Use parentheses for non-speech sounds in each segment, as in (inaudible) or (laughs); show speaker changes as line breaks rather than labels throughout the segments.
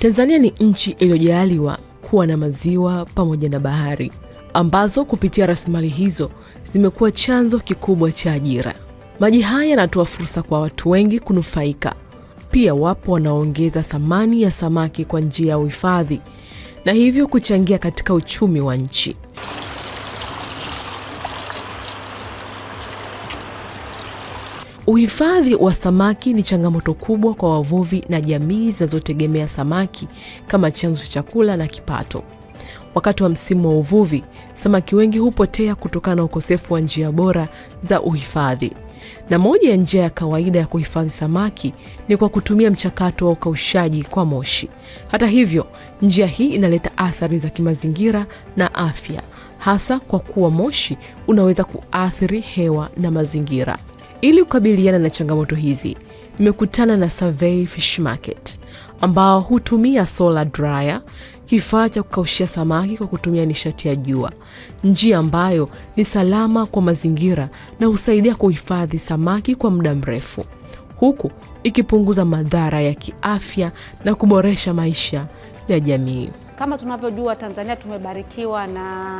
Tanzania ni nchi iliyojaliwa kuwa na maziwa pamoja na bahari ambazo kupitia rasilimali hizo zimekuwa chanzo kikubwa cha ajira. Maji haya yanatoa fursa kwa watu wengi kunufaika. Pia wapo wanaoongeza thamani ya samaki kwa njia ya uhifadhi na hivyo kuchangia katika uchumi wa nchi. Uhifadhi wa samaki ni changamoto kubwa kwa wavuvi na jamii zinazotegemea samaki kama chanzo cha chakula na kipato. Wakati wa msimu wa uvuvi, samaki wengi hupotea kutokana na ukosefu wa njia bora za uhifadhi. Na moja ya njia ya kawaida ya kuhifadhi samaki ni kwa kutumia mchakato wa ukaushaji kwa moshi. Hata hivyo, njia hii inaleta athari za kimazingira na afya, hasa kwa kuwa moshi unaweza kuathiri hewa na mazingira. Ili kukabiliana na changamoto hizi, nimekutana na Survey Fish Market ambao hutumia solar dryer, kifaa cha kukaushia samaki kwa kutumia nishati ya jua, njia ambayo ni salama kwa mazingira na husaidia kuhifadhi samaki kwa muda mrefu, huku ikipunguza madhara ya kiafya na kuboresha maisha ya jamii. Kama tunavyojua, Tanzania tumebarikiwa na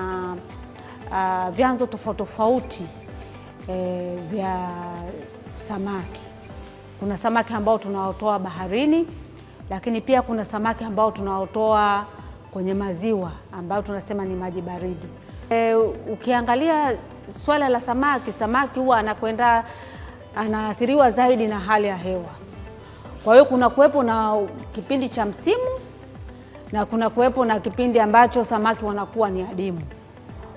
uh, vyanzo tofauti tofauti e, vya samaki. Kuna samaki ambao tunaotoa baharini, lakini pia kuna samaki ambao tunaotoa kwenye maziwa ambayo tunasema ni maji baridi. E, ukiangalia swala la samaki, samaki huwa anakwenda anaathiriwa zaidi na hali ya hewa. Kwa hiyo kuna kuwepo na kipindi cha msimu na kuna kuwepo na kipindi ambacho samaki wanakuwa ni adimu.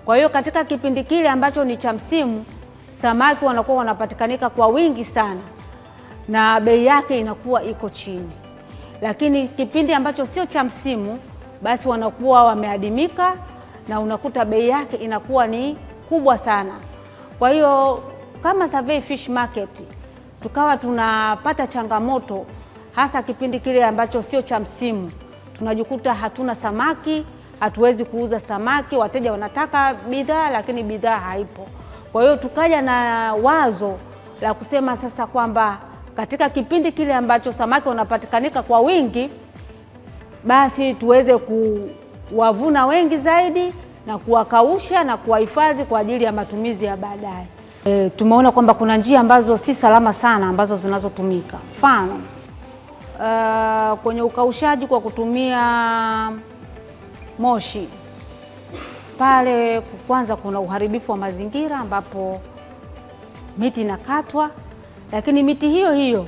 Kwa hiyo katika kipindi kile ambacho ni cha msimu samaki wanakuwa wanapatikanika kwa wingi sana na bei yake inakuwa iko chini, lakini kipindi ambacho sio cha msimu, basi wanakuwa wameadimika na unakuta bei yake inakuwa ni kubwa sana. Kwa hiyo kama Survey Fish Market tukawa tunapata changamoto, hasa kipindi kile ambacho sio cha msimu, tunajikuta hatuna samaki, hatuwezi kuuza samaki. Wateja wanataka bidhaa, lakini bidhaa haipo. Kwa hiyo tukaja na wazo la kusema sasa kwamba katika kipindi kile ambacho samaki wanapatikanika kwa wingi, basi tuweze kuwavuna wengi zaidi na kuwakausha na kuwahifadhi kwa ajili ya matumizi ya baadaye. E, tumeona kwamba kuna njia ambazo si salama sana ambazo zinazotumika, mfano uh, kwenye ukaushaji kwa kutumia moshi pale kwanza kuna uharibifu wa mazingira ambapo miti inakatwa, lakini miti hiyo hiyo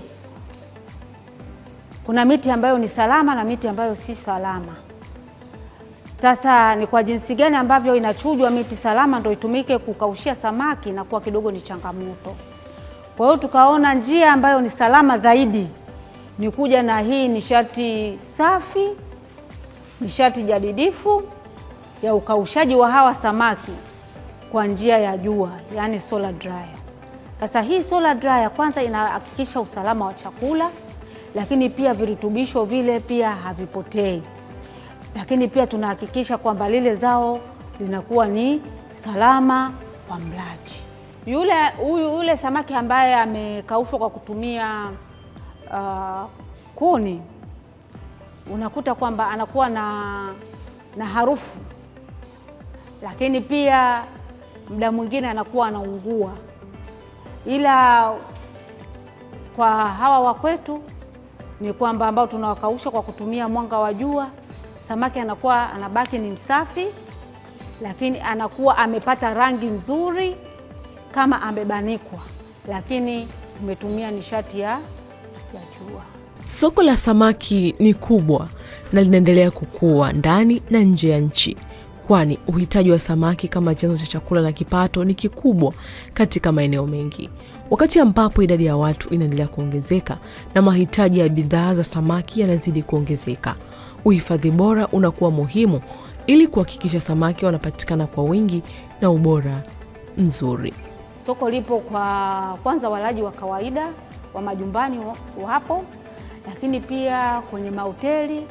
kuna miti ambayo ni salama na miti ambayo si salama. Sasa ni kwa jinsi gani ambavyo inachujwa miti salama ndio itumike kukaushia samaki, na kuwa kidogo ni changamoto. Kwa hiyo tukaona njia ambayo ni salama zaidi ni kuja na hii nishati safi, nishati jadidifu ya ukaushaji wa hawa samaki kwa njia ya jua, yaani solar dryer. Sasa hii solar dryer kwanza inahakikisha usalama wa chakula, lakini pia virutubisho vile pia havipotei, lakini pia tunahakikisha kwamba lile zao linakuwa ni salama kwa mlaji. Yule huyu yule samaki ambaye amekaushwa kwa kutumia uh, kuni, unakuta kwamba anakuwa na, na harufu lakini pia muda mwingine anakuwa anaungua, ila kwa hawa wa kwetu ni kwamba ambao tunawakausha kwa kutumia mwanga wa jua, samaki anakuwa anabaki ni msafi, lakini anakuwa amepata rangi nzuri kama amebanikwa, lakini umetumia nishati ya, ya jua.
Soko la samaki ni kubwa na linaendelea kukua ndani na nje ya nchi kwani uhitaji wa samaki kama chanzo cha chakula na kipato ni kikubwa katika maeneo mengi. Wakati ambapo idadi ya watu inaendelea kuongezeka na mahitaji ya bidhaa za samaki yanazidi kuongezeka, uhifadhi bora unakuwa muhimu ili kuhakikisha samaki wanapatikana kwa wingi na ubora mzuri.
Soko lipo kwa kwanza, walaji wa kawaida wa majumbani wapo, lakini pia kwenye mahoteli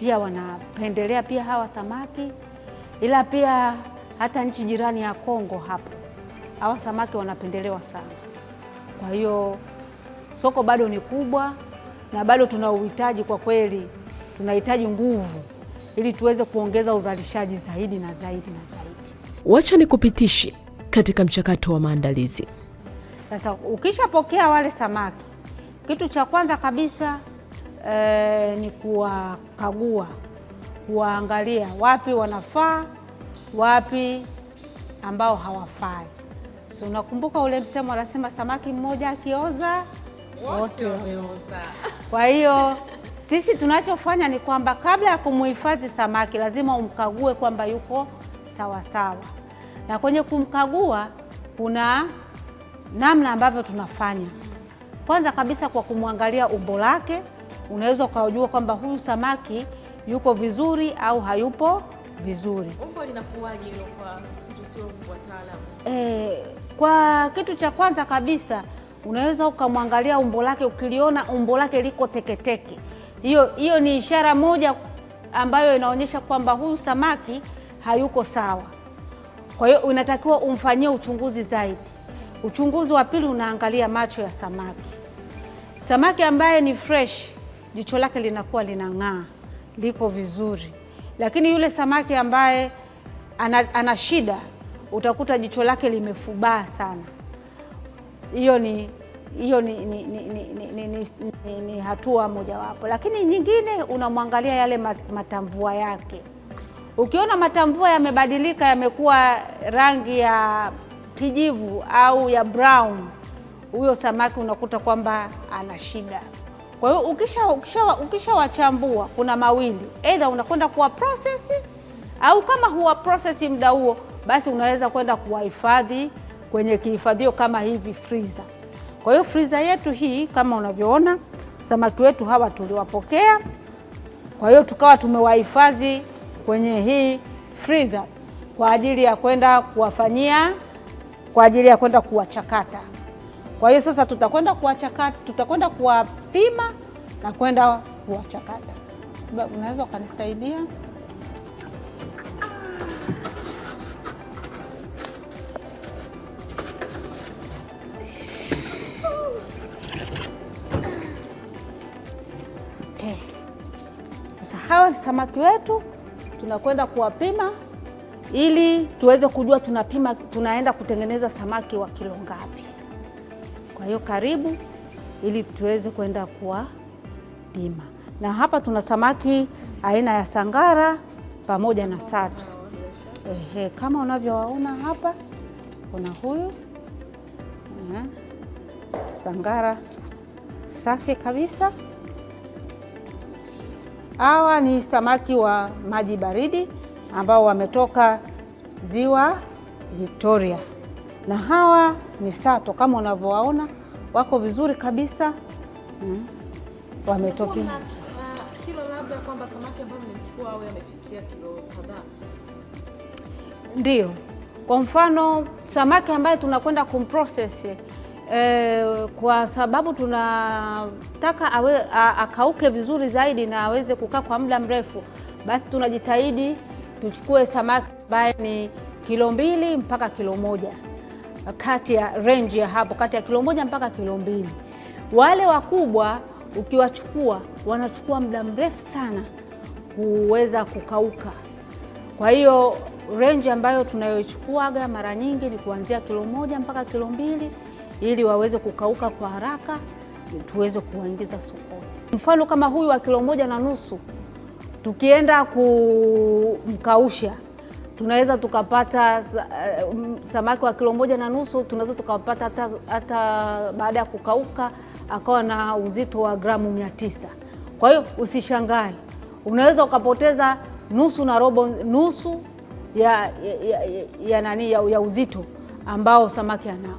pia wanapendelea pia hawa samaki ila pia hata nchi jirani ya Kongo hapo hawa samaki wanapendelewa sana. Kwa hiyo soko bado ni kubwa na bado tuna uhitaji kwa kweli, tunahitaji nguvu ili tuweze kuongeza uzalishaji zaidi na zaidi na zaidi.
Wacha nikupitishe katika mchakato wa maandalizi.
Sasa ukishapokea wale samaki, kitu cha kwanza kabisa eh, ni kuwakagua kuwaangalia wapi wanafaa, wapi ambao hawafai. So unakumbuka ule msemo anasema, samaki mmoja akioza
wote wameoza.
Kwa hiyo (laughs) sisi tunachofanya ni kwamba kabla ya kumhifadhi samaki lazima umkague kwamba yuko sawasawa sawa. Na kwenye kumkagua kuna namna ambavyo tunafanya. Kwanza kabisa kwa kumwangalia umbo lake, unaweza ukajua kwamba huyu samaki yuko vizuri au hayupo vizuri.
Umbo linakuwaje hilo kwa sisi tusio wataalamu?
Eh, kwa kitu cha kwanza kabisa unaweza ukamwangalia umbo lake, ukiliona umbo lake liko teketeke, hiyo hiyo ni ishara moja ambayo inaonyesha kwamba huyu samaki hayuko sawa. Kwa hiyo unatakiwa umfanyie uchunguzi zaidi. Uchunguzi wa pili unaangalia macho ya samaki. Samaki ambaye ni fresh, jicho lake linakuwa linang'aa liko vizuri, lakini yule samaki ambaye ana, ana shida utakuta jicho lake limefubaa sana. Hiyo ni hiyo ni, ni, ni, ni, ni, ni, ni, ni hatua mojawapo, lakini nyingine unamwangalia yale matamvua yake. Ukiona matamvua yamebadilika, yamekuwa rangi ya kijivu au ya brown, huyo samaki unakuta kwamba ana shida. Kwa hiyo ukishawachambua ukisha, ukisha kuna mawili, aidha unakwenda kuwa process au kama huwa process muda huo, basi unaweza kwenda kuwahifadhi kwenye kihifadhio kama hivi freezer. Kwa hiyo freezer yetu hii kama unavyoona, samaki wetu hawa tuliwapokea, kwa hiyo tukawa tumewahifadhi kwenye hii freezer kwa ajili ya kwenda kuwafanyia, kwa ajili ya kwenda kuwachakata. Kwa hiyo sasa tutakwenda kuwachakata, tutakwenda kuwapima na kwenda kuwachakata. Unaweza ukanisaidia? Hawa ni samaki wetu tunakwenda kuwapima ili tuweze kujua tunapima, tunaenda kutengeneza samaki wa kilo ngapi. Kwa hiyo karibu, ili tuweze kwenda kuwapima. Na hapa tuna samaki aina ya sangara pamoja na satu Ehe, kama unavyowaona hapa, kuna huyu sangara safi kabisa. Hawa ni samaki wa maji baridi ambao wametoka ziwa Victoria na hawa ni sato kama unavyowaona wako vizuri kabisa hmm.
Wametokea uh,
ndio, kwa mfano samaki ambaye tunakwenda kumprocess eh, kwa sababu tunataka awe, a, akauke vizuri zaidi na aweze kukaa kwa muda mrefu, basi tunajitahidi tuchukue samaki ambaye ni kilo mbili mpaka kilo moja kati ya range ya hapo kati ya kilo moja mpaka kilo mbili. Wale wakubwa ukiwachukua wanachukua muda mrefu sana kuweza kukauka. Kwa hiyo range ambayo tunayoichukuaga mara nyingi ni kuanzia kilo moja mpaka kilo mbili ili waweze kukauka kwa haraka tuweze kuwaingiza sokoni. Mfano kama huyu wa kilo moja na nusu tukienda kumkausha tunaweza tukapata eh, samaki wa kilo moja na nusu tunaweza tukapata hata, hata baada ya kukauka akawa na uzito wa gramu mia tisa. Kwa hiyo usishangae, unaweza ukapoteza nusu na robo nusu ya, ya, ya, ya, ya nani ya, ya uzito ambao samaki anao.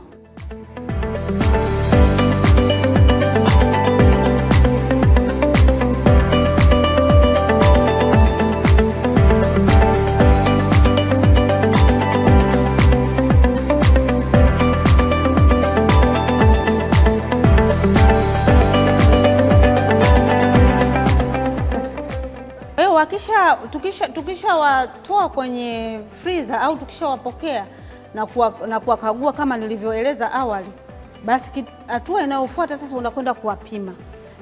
tukishawatoa tukisha kwenye freezer au tukishawapokea na kuwakagua kama nilivyoeleza awali, basi hatua inayofuata sasa unakwenda kuwapima.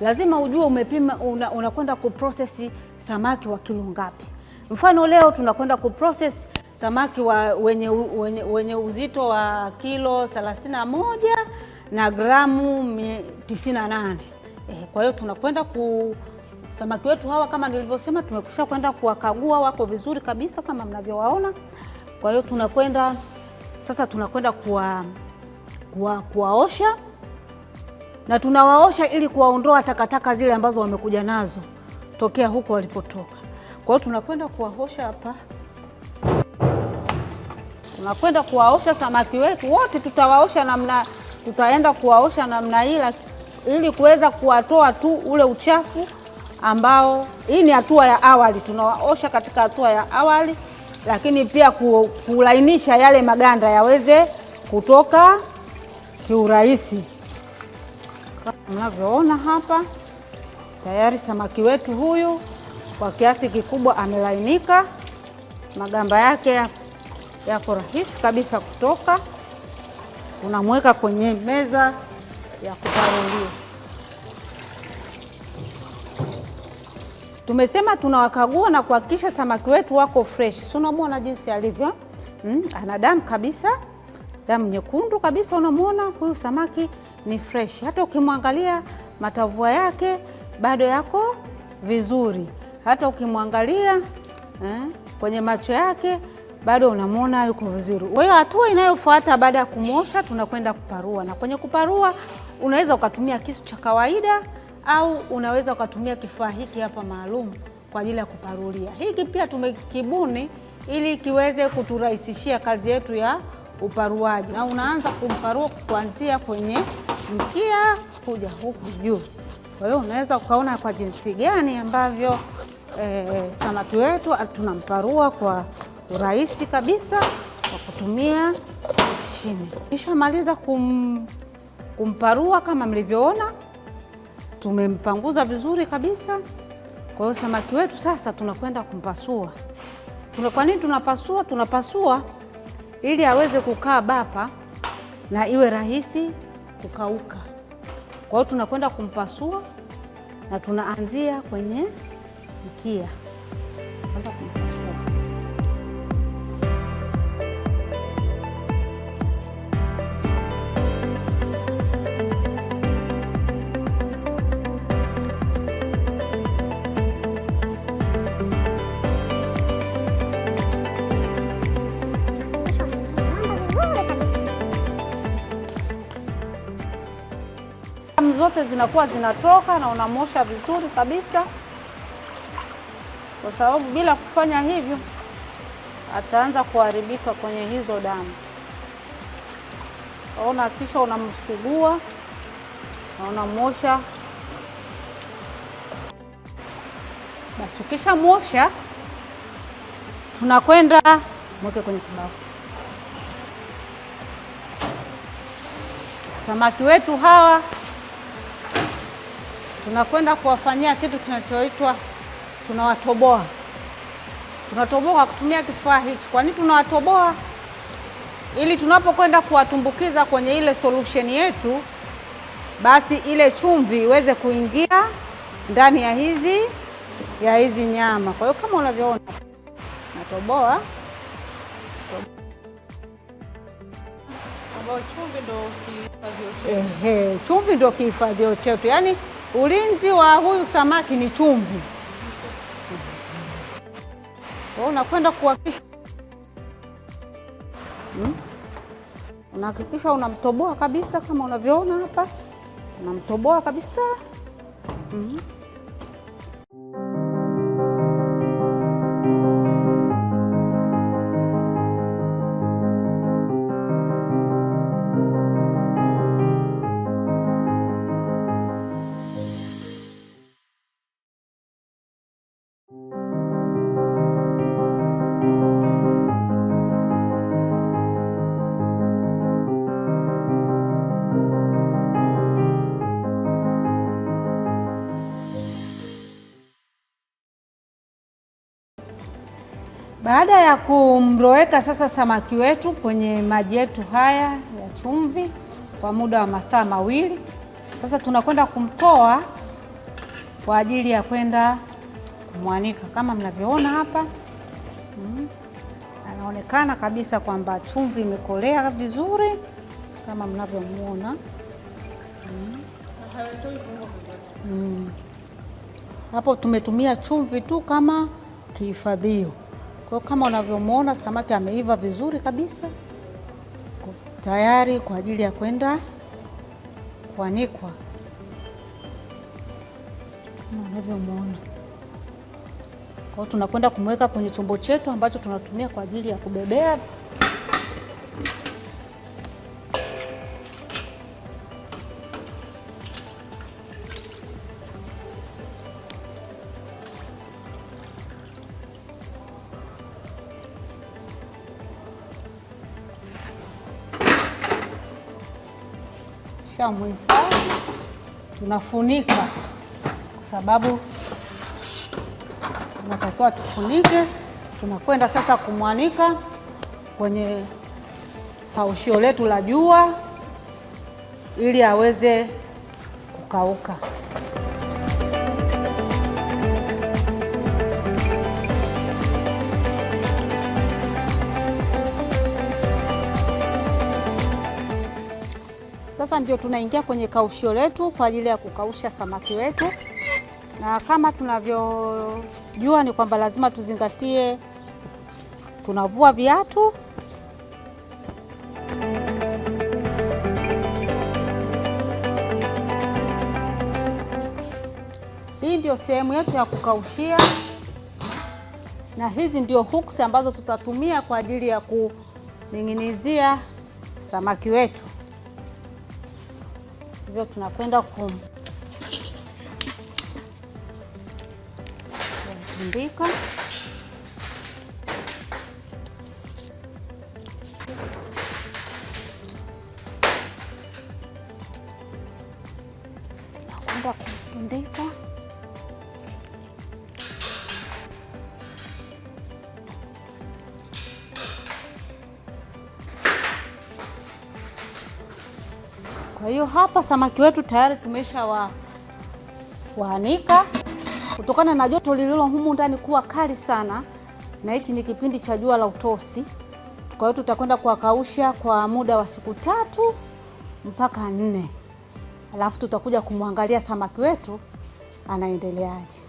Lazima ujue umepima, unakwenda una kuprocess samaki wa kilo ngapi. Mfano leo tunakwenda kuprocess samaki wa wenye, wenye, wenye uzito wa kilo 31 na gramu 98. Eh, kwa hiyo tunakwenda ku Samaki wetu hawa kama nilivyosema, tumekusha kwenda kuwakagua, wako vizuri kabisa kama mnavyowaona. Kwa hiyo tunakwenda sasa, tunakwenda kuwa, kuwa, kuwaosha na tunawaosha ili kuwaondoa takataka zile ambazo wamekuja nazo tokea huko walipotoka. Kwa hiyo tunakwenda kuwaosha hapa, tunakwenda kuwaosha samaki wetu wote, tutawaosha namna, tutaenda kuwaosha namna hii ili kuweza kuwatoa tu ule uchafu ambao hii ni hatua ya awali, tunawaosha katika hatua ya awali, lakini pia kulainisha yale maganda yaweze kutoka kiurahisi. Kama mnavyoona hapa, tayari samaki wetu huyu kwa kiasi kikubwa amelainika, magamba yake yako rahisi kabisa kutoka. Unamweka kwenye meza ya kuparulia. Tumesema tunawakagua na kuhakikisha samaki wetu wako fresh. Si unamwona jinsi alivyo, mm, ana damu kabisa, damu nyekundu kabisa. Unamwona huyu samaki ni fresh, hata ukimwangalia matavua yake bado yako vizuri, hata ukimwangalia eh, kwenye macho yake bado unamwona yuko vizuri. Kwa hiyo hatua inayofuata baada ya kumwosha, tunakwenda kuparua, na kwenye kuparua unaweza ukatumia kisu cha kawaida au unaweza ukatumia kifaa hiki hapa maalum kwa ajili ya kuparulia. Hiki pia tumekibuni ili kiweze kuturahisishia kazi yetu ya uparuaji, na unaanza kumparua kuanzia kwenye mkia kuja huku juu. Kwa hiyo unaweza ukaona kwa jinsi gani ambavyo eh, samaki wetu tunamparua kwa urahisi kabisa kwa kutumia mashine. Kishamaliza kum, kumparua kama mlivyoona tumempanguza vizuri kabisa. Kwa hiyo samaki wetu sasa tunakwenda kumpasua. Kwa nini tunapasua? Tunapasua ili aweze kukaa bapa na iwe rahisi kukauka. Kwa hiyo tunakwenda kumpasua na tunaanzia kwenye mkia. zote zinakuwa zinatoka na unamosha vizuri kabisa, kwa sababu bila kufanya hivyo ataanza kuharibika kwenye hizo damu. Ona, kisha unamsugua na unamosha basi. Ukisha mosha, tunakwenda mweke kwenye kibao Samaki wetu hawa tunakwenda kuwafanyia kitu kinachoitwa tunawatoboa. Tunatoboa kwa kutumia kifaa hichi. Kwa nini tunawatoboa? Ili tunapokwenda kuwatumbukiza kwenye ile solution yetu, basi ile chumvi iweze kuingia ndani ya hizi ya hizi nyama. Kwa hiyo kama unavyoona, natoboa chumvi ndo kihifadhio chetu, yaani Ulinzi wa huyu samaki ni chumvi. Kwa unakwenda kuhakikisha hmm? Unahakikisha unamtoboa kabisa kama unavyoona hapa, unamtoboa kabisa mm -hmm. Baada ya kumroweka sasa samaki wetu kwenye maji yetu haya ya chumvi kwa muda wa masaa mawili, sasa tunakwenda kumtoa kwa ajili ya kwenda kumwanika. Kama mnavyoona hapa mm, anaonekana kabisa kwamba chumvi imekolea vizuri kama mnavyomuona mm. mm. Hapo tumetumia chumvi tu kama kihifadhio. Kwa kama unavyomwona samaki ameiva vizuri kabisa, tayari kwa ajili ya kwenda kuanikwa kama unavyomwona. Kwa hiyo tunakwenda kumweka kwenye chombo chetu ambacho tunatumia kwa ajili ya kubebea tunaweka mwiko, tunafunika kwa sababu tunatakiwa tufunike. Tunakwenda sasa kumwanika kwenye kaushio letu la jua ili aweze kukauka. Sasa ndio tunaingia kwenye kaushio letu kwa ajili ya kukausha samaki wetu, na kama tunavyojua ni kwamba lazima tuzingatie, tunavua viatu Hii ndio sehemu yetu ya kukaushia, na hizi ndio hooks ambazo tutatumia kwa ajili ya kuning'inizia samaki wetu hivyo tunakwenda kumbika. hapa samaki wetu tayari tumesha wa waanika kutokana na joto lililo humu ndani kuwa kali sana, na hichi ni kipindi cha jua la utosi. Kwa hiyo tutakwenda kuwakausha kwa muda wa siku tatu mpaka nne, alafu tutakuja kumwangalia samaki wetu anaendeleaje.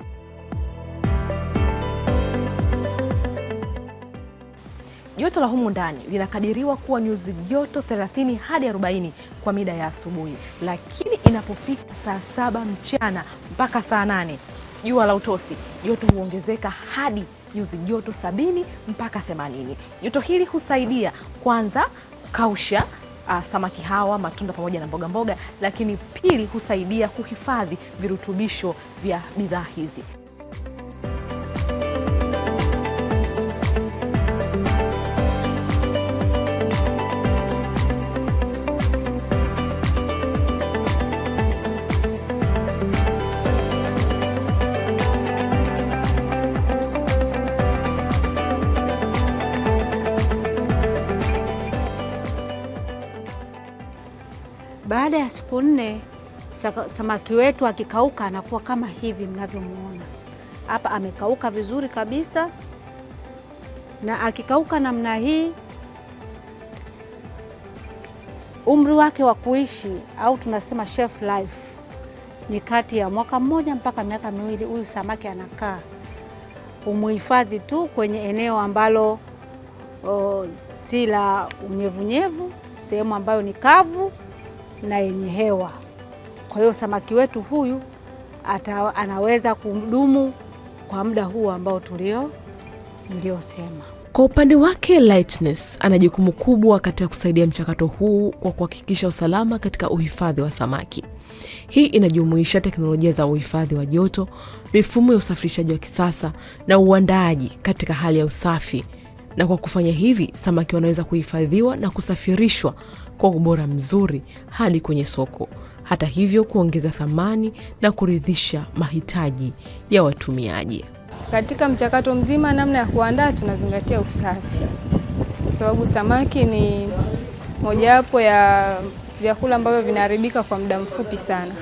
Joto la humu ndani linakadiriwa kuwa nyuzi joto 30 hadi 40 kwa mida ya asubuhi, lakini inapofika saa saba mchana mpaka saa nane jua la utosi, joto huongezeka hadi nyuzi joto sabini mpaka themanini. Joto hili husaidia kwanza kausha uh, samaki hawa, matunda pamoja na mbogamboga mboga, lakini pili husaidia kuhifadhi virutubisho vya bidhaa hizi.
Baada ya siku nne samaki wetu akikauka anakuwa kama hivi mnavyomuona hapa, amekauka vizuri kabisa. Na akikauka namna hii, umri wake wa kuishi au tunasema shelf life ni kati ya mwaka mmoja mpaka miaka miwili. Huyu samaki anakaa umuhifadhi tu kwenye eneo ambalo o, oh, si la unyevunyevu, sehemu ambayo ni kavu na yenye hewa. Kwa hiyo samaki wetu huyu ata, anaweza kudumu kwa muda huu ambao tulio niliosema.
Kwa upande wake Lightness ana jukumu kubwa katika kusaidia mchakato huu kwa kuhakikisha usalama katika uhifadhi wa samaki. Hii inajumuisha teknolojia za uhifadhi wa joto, mifumo ya usafirishaji wa kisasa na uandaaji katika hali ya usafi na kwa kufanya hivi samaki wanaweza kuhifadhiwa na kusafirishwa kwa ubora mzuri hadi kwenye soko, hata hivyo kuongeza thamani na kuridhisha mahitaji ya watumiaji.
Katika mchakato mzima namna ya kuandaa, tunazingatia usafi, kwa sababu samaki ni mojawapo ya vyakula ambavyo vinaharibika kwa muda mfupi sana.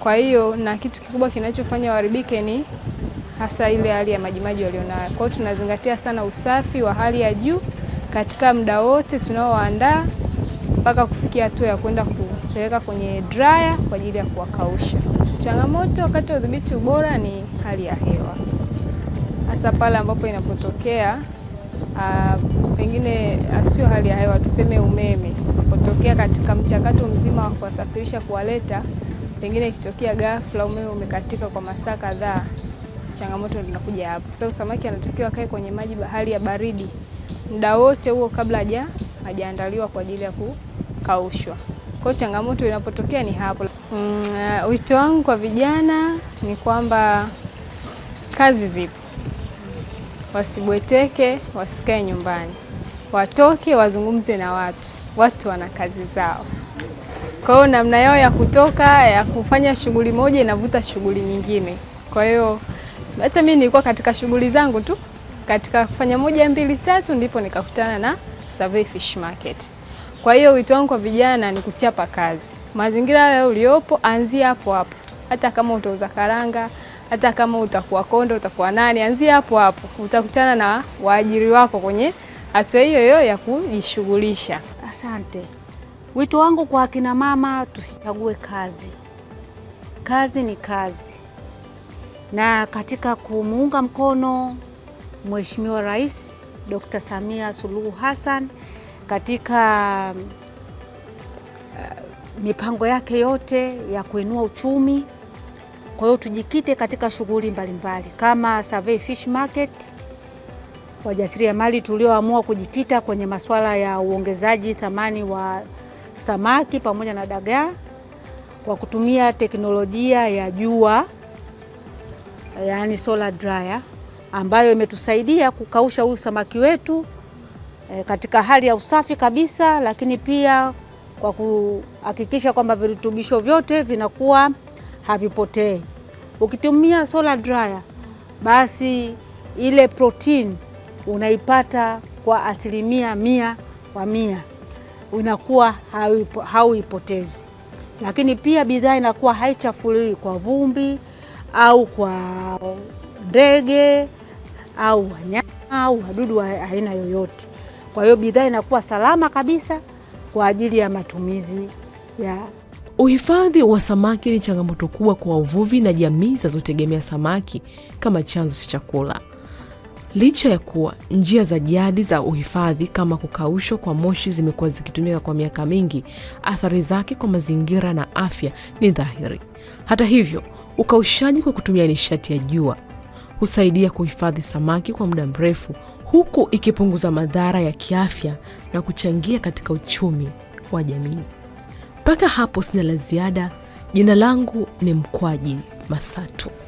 Kwa hiyo na kitu kikubwa kinachofanya waharibike ni hasa ile hali ya majimaji walionayo. Kwa hiyo tunazingatia sana usafi wa hali ya juu katika muda wote tunaoandaa mpaka kufikia hatua ya kwenda kupeleka kwenye dryer kwa ajili ya kuwakausha. Changamoto wakati wa udhibiti ubora ni hali ya hewa, hasa pale ambapo inapotokea uh, pengine ah, sio hali ya hewa, tuseme umeme unapotokea katika mchakato mzima wa kuwasafirisha, kuwaleta, pengine ikitokea ghafla umeme umekatika kwa masaa kadhaa changamoto inakuja hapo. Kwa sababu samaki anatakiwa akae kwenye maji bahari ya baridi muda wote huo kabla haja hajaandaliwa kwa ajili ya kukaushwa. Kwa hiyo changamoto inapotokea ni hapo. Mm, wito wangu kwa vijana ni kwamba kazi zipo, wasibweteke, wasikae nyumbani, watoke wazungumze na watu. Watu wana kazi zao, kwa hiyo namna yao ya kutoka ya kufanya shughuli moja inavuta shughuli nyingine, kwa hiyo hata mimi nilikuwa katika shughuli zangu tu katika kufanya moja mbili tatu, ndipo nikakutana na Survey Fish Market. Kwa hiyo wito wangu kwa vijana ni kuchapa kazi, mazingira hayo uliopo, anzia hapo hapo. Hata kama utauza karanga, hata kama utakuwa kondo, utakuwa nani, anzia hapo hapo, utakutana na waajiri wako kwenye hatua hiyo hiyo ya kujishughulisha.
Asante. Wito wangu kwa akina mama, tusichague kazi, kazi ni kazi na katika kumuunga mkono Mheshimiwa Rais Dr. Samia Suluhu Hassan katika uh, mipango yake yote ya kuinua uchumi. Kwa hiyo tujikite katika shughuli mbalimbali kama Survey Fish Market, wajasiriamali tulioamua kujikita kwenye masuala ya uongezaji thamani wa samaki pamoja na dagaa kwa kutumia teknolojia ya jua yani solar dryer ambayo imetusaidia kukausha huyu samaki wetu e, katika hali ya usafi kabisa, lakini pia kwa kuhakikisha kwamba virutubisho vyote vinakuwa havipotei. Ukitumia solar dryer, basi ile protein unaipata kwa asilimia mia kwa mia, unakuwa hauipotezi, lakini pia bidhaa inakuwa haichafuliwi kwa vumbi au kwa ndege au wanyama au wadudu wa aina yoyote. Kwa hiyo bidhaa inakuwa salama kabisa kwa ajili ya matumizi ya
Uhifadhi wa samaki ni changamoto kubwa kwa uvuvi na jamii zinazotegemea samaki kama chanzo cha chakula. Licha ya kuwa njia za jadi za uhifadhi kama kukaushwa kwa moshi zimekuwa zikitumika kwa miaka mingi, athari zake kwa mazingira na afya ni dhahiri. Hata hivyo Ukaushaji kwa kutumia nishati ya jua husaidia kuhifadhi samaki kwa muda mrefu, huku ikipunguza madhara ya kiafya na kuchangia katika uchumi wa jamii. Mpaka hapo sina la ziada. Jina langu ni Mkwaji Masatu.